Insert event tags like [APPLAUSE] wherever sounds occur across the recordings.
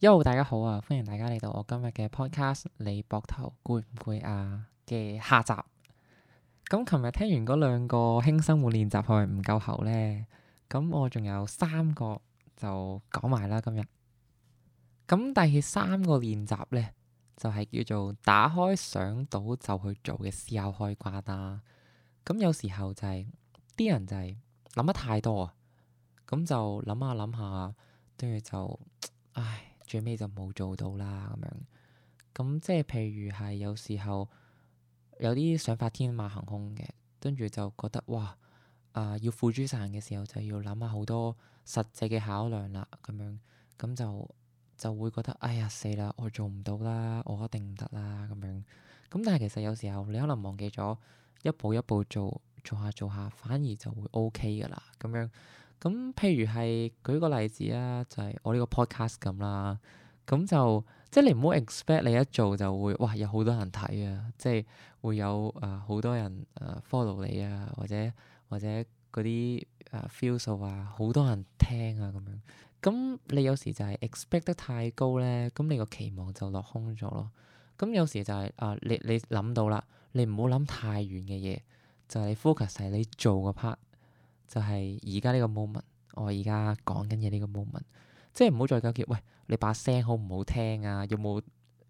Yo，大家好啊！歡迎大家嚟到我今日嘅 Podcast，你膊頭攰唔攰啊？嘅下集。咁琴日聽完嗰兩個輕生活練習係咪唔夠喉咧？咁我仲有三個就講埋啦，今日。咁第三個練習咧，就係叫做打開想到就去做嘅思考開關打、啊，咁有時候就係啲人就係諗得太多啊，咁就諗下諗下，跟住就唉。最尾就冇做到啦，咁樣，咁即係譬如係有時候有啲想法天馬行空嘅，跟住就覺得哇，啊、呃、要付諸實行嘅時候就要諗下好多實際嘅考量啦，咁樣，咁就就會覺得哎呀死啦，我做唔到啦，我一定唔得啦，咁樣，咁但係其實有時候你可能忘記咗一步一步做，做下做下反而就會 OK 噶啦，咁樣。咁譬如係舉個例子啊，就係我呢個 podcast 咁啦，咁就即係你唔好 expect 你一做就會哇有好多人睇啊，即係會有誒好多人誒 follow 你啊，或者或者嗰啲誒 view 數啊，好多人聽啊咁樣。咁你有時就係 expect 得太高咧，咁你個期望就落空咗咯。咁有時就係啊，你你諗到啦，你唔好諗太遠嘅嘢，就係你 focus 喺你做個 part。就係而家呢個 moment，我而家講緊嘅呢個 moment，即係唔好再糾結。喂，你把聲好唔好聽啊？有冇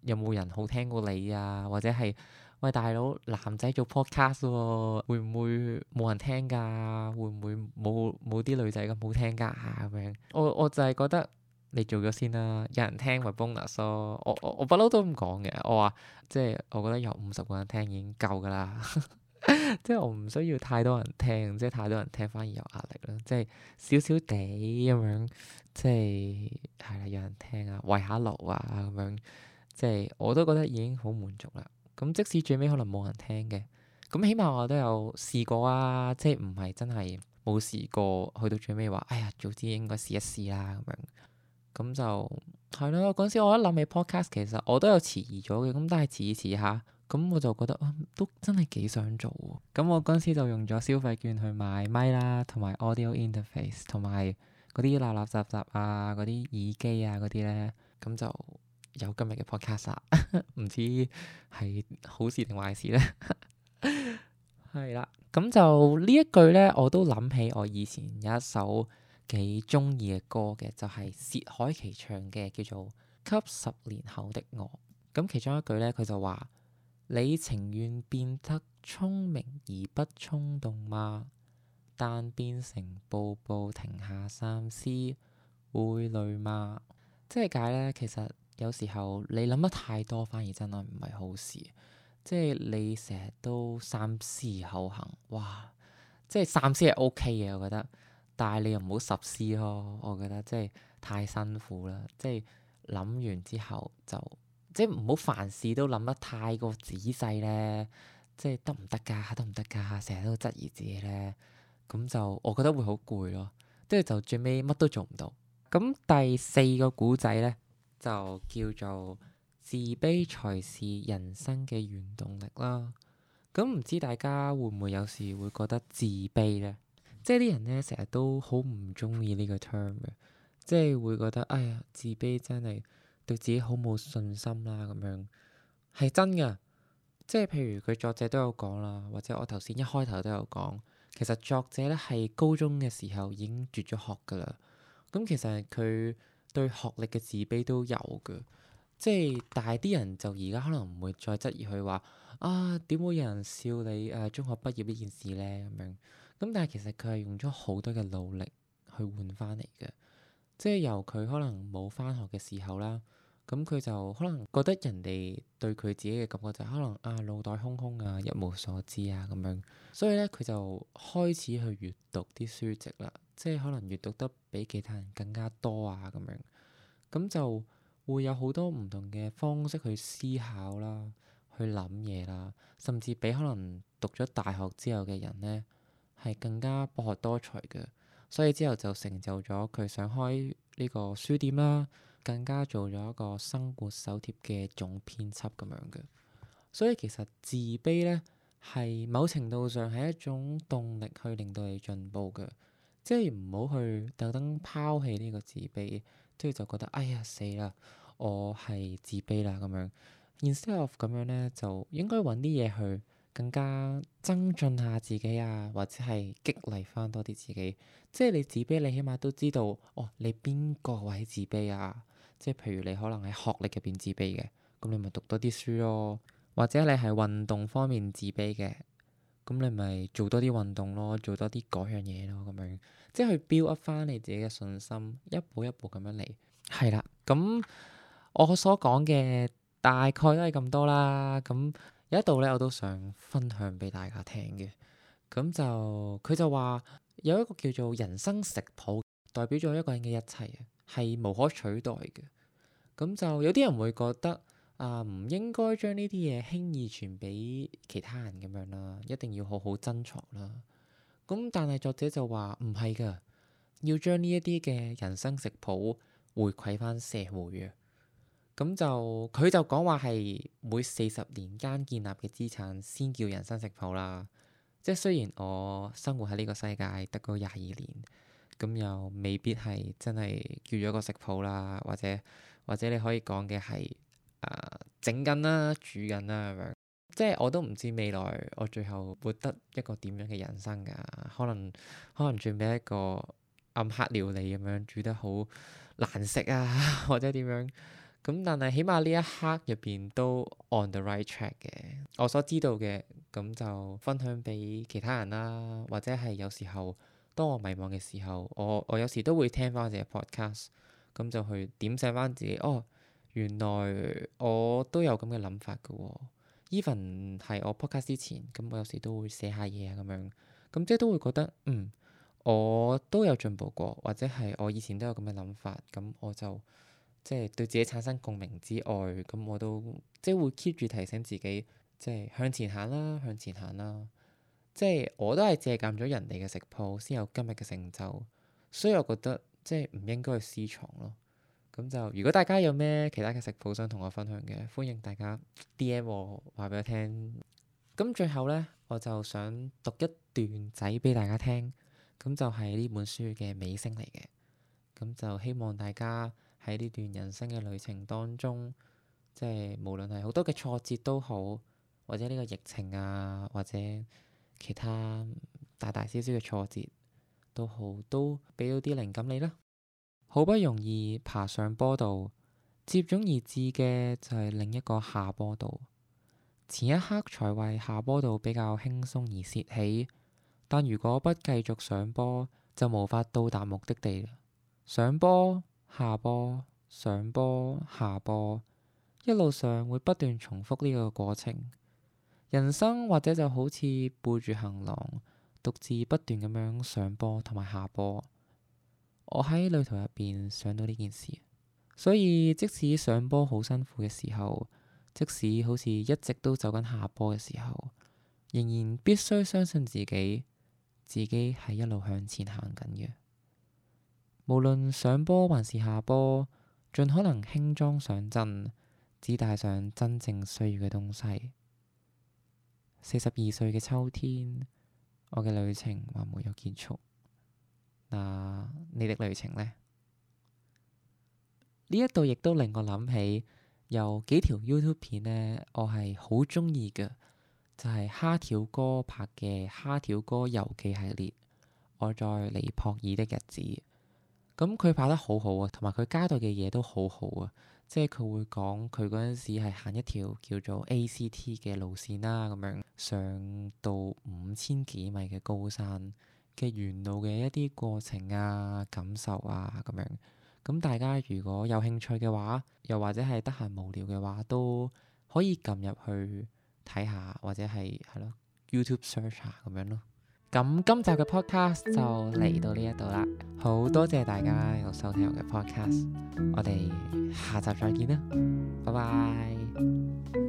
有冇人好聽過你啊？或者係喂大佬，男仔做 podcast 喎，啊，會唔會冇人聽㗎，啊？會唔會冇冇啲女仔咁好聽㗎，啊？咁樣，我我就係覺得你做咗先啦，啊，有人聽咪 bonus，啊。我我我不嬲都咁講嘅，我話即係我覺得有五十個人聽已經夠㗎啦。 [LAUGHS] [LAUGHS] 即係我唔需要太多人聽，即係太多人聽反而有壓力咯。即係少少地咁樣，即係係啦，有人聽啊，慰下勞啊咁樣。即係我都覺得已經好滿足啦。咁即使最尾可能冇人聽嘅，咁起碼我都有試過啊。即係唔係真係冇試過去到最尾話，哎呀，早知應該試一試啦咁樣。咁就係咯。嗰時我一諗起 podcast，其實我都有遲疑咗嘅。咁但係遲疑遲下。咁我就覺得啊，都真係幾想做喎。咁我嗰陣時就用咗消費券去買咪啦，同埋 audio interface，同埋嗰啲垃垃雜雜啊，嗰啲耳機啊嗰啲咧，咁就有今日嘅 Podcast 啦，唔知係好事定壞事咧？係 [LAUGHS] 啦，咁就呢一句咧，我都諗起我以前有一首幾中意嘅歌嘅，就係、是、薛凱琪唱嘅，叫做《給十年後的我》。咁其中一句咧，佢就話。你情願變得聰明而不衝動嗎？但變成步步停下三思會累嗎？即係解咧，其實有時候你諗得太多，反而真係唔係好事。即係你成日都三思後行，哇！即係三思係 OK 嘅，我覺得，但係你又唔好十思咯，我覺得即係太辛苦啦。即係諗完之後就。即係唔好凡事都諗得太過仔細咧，即係得唔得㗎？得唔得㗎？成日都質疑自己咧，咁就我覺得會好攰咯。跟住就最尾乜都做唔到。咁第四個古仔咧，就叫做自卑才是人生嘅原動力啦。咁唔知大家會唔會有時會覺得自卑咧？即係啲人咧，成日都好唔中意呢個 term 嘅，即係會覺得哎呀自卑真係～對自己好冇信心啦，咁樣係真嘅。即係譬如佢作者都有講啦，或者我頭先一開頭都有講，其實作者咧係高中嘅時候已經絕咗學噶啦。咁其實佢對學歷嘅自卑都有嘅。即係但係啲人就而家可能唔會再質疑佢話，啊點會有人笑你誒、啊、中學畢業呢件事咧咁樣。咁但係其實佢係用咗好多嘅努力去換翻嚟嘅。即係由佢可能冇翻學嘅時候啦。咁佢就可能覺得人哋對佢自己嘅感覺就可能啊腦袋空空啊一無所知啊咁樣，所以咧佢就開始去閱讀啲書籍啦，即係可能閱讀得比其他人更加多啊咁樣，咁就會有好多唔同嘅方式去思考啦，去諗嘢啦,啦，甚至比可能讀咗大學之後嘅人咧係更加博學多才嘅，所以之後就成就咗佢想開呢個書店啦。更加做咗一個生活手帖嘅總編輯咁樣嘅，所以其實自卑咧係某程度上係一種動力，去令到你進步嘅，即係唔好去特登拋棄呢個自卑，跟住就覺得哎呀死啦，我係自卑啦咁樣。Instead of 咁樣咧，就應該揾啲嘢去更加增進下自己啊，或者係激勵翻多啲自己。即係你自卑，你起碼都知道哦，你邊個位自卑啊？即係譬如你可能喺學歷入邊自卑嘅，咁你咪讀多啲書咯；或者你係運動方面自卑嘅，咁你咪做多啲運動咯，做多啲嗰樣嘢咯，咁樣，即係去 build up 翻你自己嘅信心，一步一步咁樣嚟。係啦，咁我所講嘅大概都係咁多啦。咁有一度咧，我都想分享俾大家聽嘅。咁就佢就話有一個叫做人生食譜，代表咗一個人嘅一切啊。係無可取代嘅，咁就有啲人會覺得啊，唔應該將呢啲嘢輕易傳俾其他人咁樣啦，一定要好好珍藏啦。咁但係作者就話唔係噶，要將呢一啲嘅人生食譜回饋翻社會啊。咁就佢就講話係每四十年間建立嘅資產先叫人生食譜啦。即係雖然我生活喺呢個世界得嗰廿二年。咁又未必係真係叫咗個食譜啦，或者或者你可以講嘅係誒整緊啦、煮緊啦咁樣，即係我都唔知未來我最後活得一個點樣嘅人生㗎，可能可能轉變一個暗黑料理咁樣煮得好難食啊，或者點樣，咁但係起碼呢一刻入邊都 on the right track 嘅，我所知道嘅咁就分享俾其他人啦，或者係有時候。當我迷茫嘅時候，我我有時都會聽翻自己 podcast，咁就去點醒翻自己。哦，原來我都有咁嘅諗法嘅喎、哦。Even 係我 podcast 之前，咁我有時都會寫下嘢啊，咁樣。咁即係都會覺得，嗯，我都有進步過，或者係我以前都有咁嘅諗法。咁我就即係、就是、對自己產生共鳴之外，咁我都即係會 keep 住提醒自己，即、就、係、是、向前行啦，向前行啦。即係我都係借鑑咗人哋嘅食譜先有今日嘅成就，所以我覺得即係唔應該去私藏咯。咁就如果大家有咩其他嘅食譜想同我分享嘅，歡迎大家 DM 我話俾我聽。咁最後咧，我就想讀一段仔俾大家聽，咁就係呢本書嘅尾聲嚟嘅。咁就希望大家喺呢段人生嘅旅程當中，即係無論係好多嘅挫折都好，或者呢個疫情啊，或者～其他大大小小嘅挫折都好，都俾到啲靈感你啦。好不容易爬上坡道，接踵而至嘅就係另一個下坡道。前一刻才為下坡道比較輕鬆而泄氣，但如果不繼續上坡，就無法到達目的地啦。上坡、下坡、上坡、下坡，一路上會不斷重複呢個過程。人生或者就好似背住行囊，獨自不斷咁樣上坡同埋下坡。我喺旅途入邊想到呢件事，所以即使上坡好辛苦嘅時候，即使好似一直都走緊下坡嘅時候，仍然必須相信自己，自己係一路向前行緊嘅。無論上坡還是下坡，盡可能輕裝上陣，只帶上真正需要嘅東西。四十二歲嘅秋天，我嘅旅程還沒有結束。嗱，你的旅程呢？呢一度亦都令我諗起有幾條 YouTube 片呢。我係好中意嘅，就係、是、蝦條哥拍嘅《蝦條哥遊記》系列。我在尼泊爾的日子，咁佢拍得好好啊，同埋佢交代嘅嘢都好好啊。即係佢會講，佢嗰陣時係行一條叫做 A.C.T 嘅路線啦、啊，咁樣上到五千幾米嘅高山嘅沿路嘅一啲過程啊、感受啊，咁樣。咁大家如果有興趣嘅話，又或者係得閒無聊嘅話，都可以撳入去睇下，或者係係咯 YouTube search 下。咁樣咯。咁今集嘅 podcast 就嚟到呢一度啦，好多謝大家有收聽我嘅 podcast，我哋下集再見啦，拜拜。